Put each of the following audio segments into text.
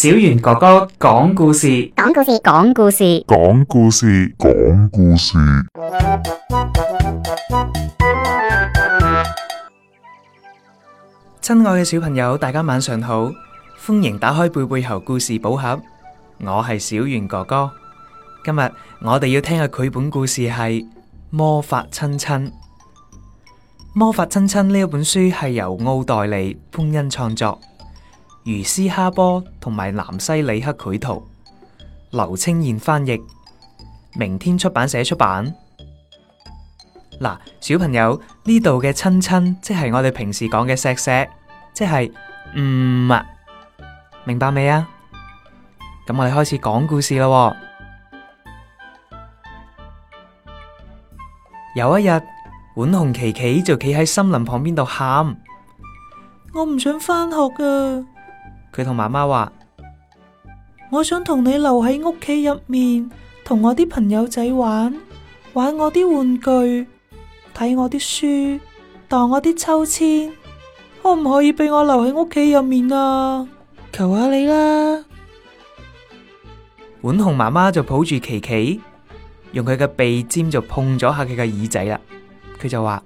小袁哥哥講故事，講故事，講故事，講故事，講故事，講故事。親愛嘅小朋友，大家晚上好，歡迎打開貝貝猴故事寶盒，我係小袁哥哥。今日我哋要聽嘅繪本故事係魔法親親。魔法親親呢一本書係由奧黛麗潘恩創作。《茹絲哈波》同埋《南西理克繪圖》，劉清彥翻譯，明天出版社出版。嗱、啊，小朋友呢度嘅親親，即係我哋平時講嘅錫錫，即係唔、嗯、啊，明白未啊？咁我哋開始講故事咯、哦。有一日，浣熊琪琪就企喺森林旁邊度喊：我唔想返學㗎！佢同媽媽話：我想同你留喺屋企入面，同我啲朋友仔玩，玩我啲玩具，睇我啲書，盪我啲秋千，可唔可以俾我留喺屋企入面啊？求下你啦！浣熊媽媽就抱住琪琪，用佢嘅鼻尖就碰咗下佢嘅耳仔啦，佢就話。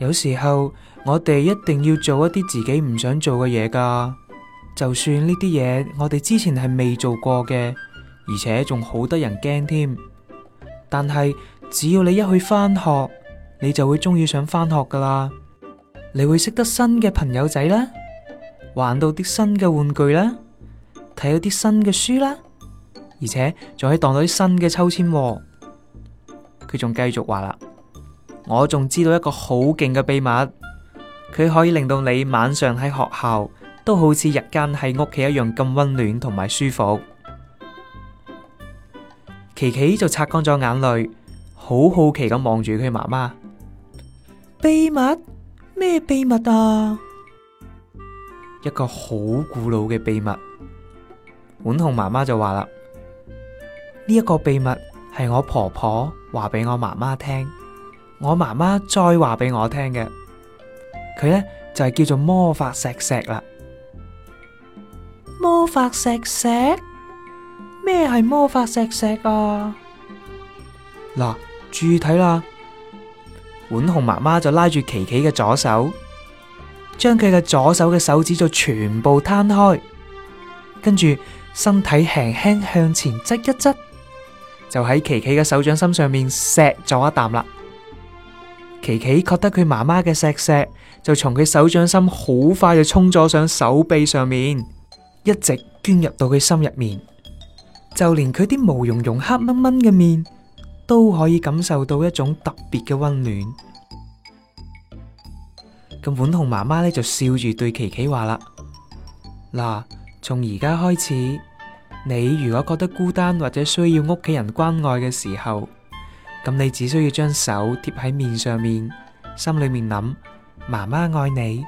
有時候我哋一定要做一啲自己唔想做嘅嘢噶，就算呢啲嘢我哋之前係未做過嘅，而且仲好得人驚添。但係只要你一去翻學，你就會中意上翻學噶啦，你會識得新嘅朋友仔啦，玩到啲新嘅玩具啦，睇到啲新嘅書啦，而且仲可以蕩到啲新嘅秋千。佢仲繼續話啦。我仲知道一個好勁嘅秘密，佢可以令到你晚上喺學校都好似日間喺屋企一樣咁溫暖同埋舒服。琪琪就擦乾咗眼淚，好好奇咁望住佢媽媽。秘密？咩秘密啊？一個好古老嘅秘密。浣熊媽媽就話啦，呢、這、一個秘密係我婆婆話俾我媽媽聽我媽媽再話俾我聽嘅，佢呢就係、是、叫做魔法錫錫啦。魔法錫錫？咩係魔法錫錫啊？嗱，注意睇啦，浣熊媽媽就拉住琪琪嘅左手，將佢嘅左手嘅手指就全部攤開，跟住身體輕輕向前側一側，就喺琪琪嘅手掌心上面錫咗一啖啦。琪琪覺得佢媽媽嘅錫錫就從佢手掌心好快就衝咗上手臂上面，一直鑽入到佢心入面，就連佢啲毛茸茸黑蚊蚊嘅面都可以感受到一種特別嘅溫暖。咁浣熊媽媽咧就笑住對琪琪話啦：嗱、啊，從而家開始，你如果覺得孤單或者需要屋企人關愛嘅時候，咁你只需要將手貼喺面上面，心裏面諗媽媽愛你，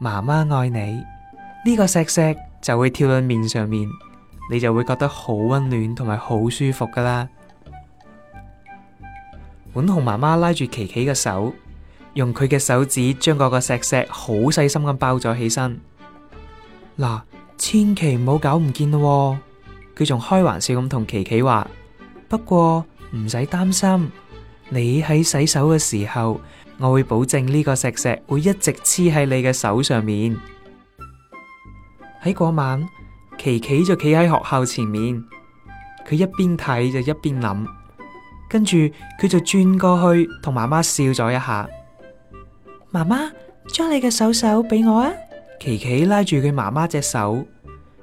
媽媽愛你，呢、這個錫錫就會跳到面上面，你就會覺得好溫暖同埋好舒服噶啦。本熊媽媽拉住琪琪嘅手，用佢嘅手指將嗰個錫錫好細心咁包咗起身。嗱、啊，千祈唔好搞唔見咯、哦。佢仲開玩笑咁同琪琪話，不過。唔使擔心，你喺洗手嘅時候，我會保證呢個石石會一直黐喺你嘅手上面。喺嗰 晚，琪琪就企喺學校前面，佢一邊睇就一邊諗，跟住佢就轉過去同媽媽笑咗一下。媽媽，將你嘅手手俾我啊 ！琪琪拉住佢媽媽隻手，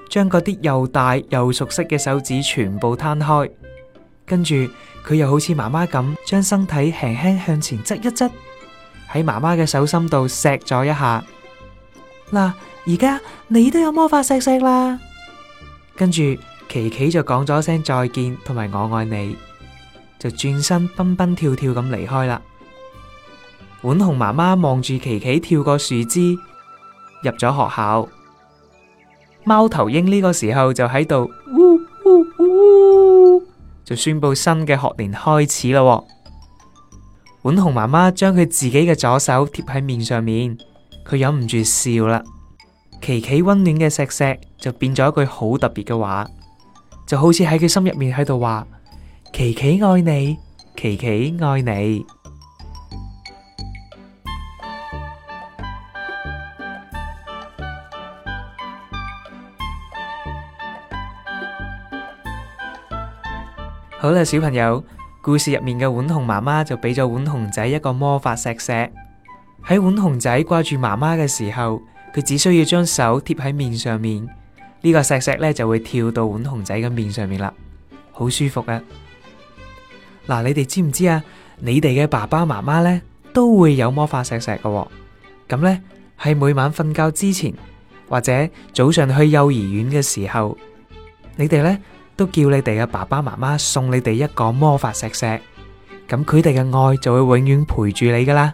將嗰啲又大又熟悉嘅手指全部攤開，跟住，佢又好似媽媽咁，將身體輕輕向前側一側，喺媽媽嘅手心度錫咗一下。嗱，而家你都有魔法錫錫啦。跟住，琪琪就講咗聲再見，同埋我愛你，就轉身蹦蹦跳跳咁離開啦。浣熊媽媽望住琪琪跳過樹枝，入咗學校。貓頭鷹呢個時候就喺度，嗚嗚嗚嗚嗚。就宣布新嘅學年開始啦喎！浣熊媽媽將佢自己嘅左手貼喺面上面，佢忍唔住笑啦。琪琪溫暖嘅錫錫就變咗一句好特別嘅話，就好似喺佢心入面喺度話：琪琪愛你，琪琪愛你。好啦，小朋友，故事入面嘅浣熊媽媽就俾咗浣熊仔一個魔法錫錫。喺浣熊仔掛住媽媽嘅時候，佢只需要將手貼喺面上面，呢個錫錫咧就會跳到浣熊仔嘅面上面啦，好舒服啊！嗱，你哋知唔知啊？你哋嘅爸爸媽媽咧都會有魔法錫錫嘅喎，咁咧喺每晚瞓覺之前或者早上去幼兒園嘅時候，你哋咧？都叫你哋嘅爸爸媽媽送你哋一個魔法錫錫，咁佢哋嘅愛就會永遠陪住你㗎喇。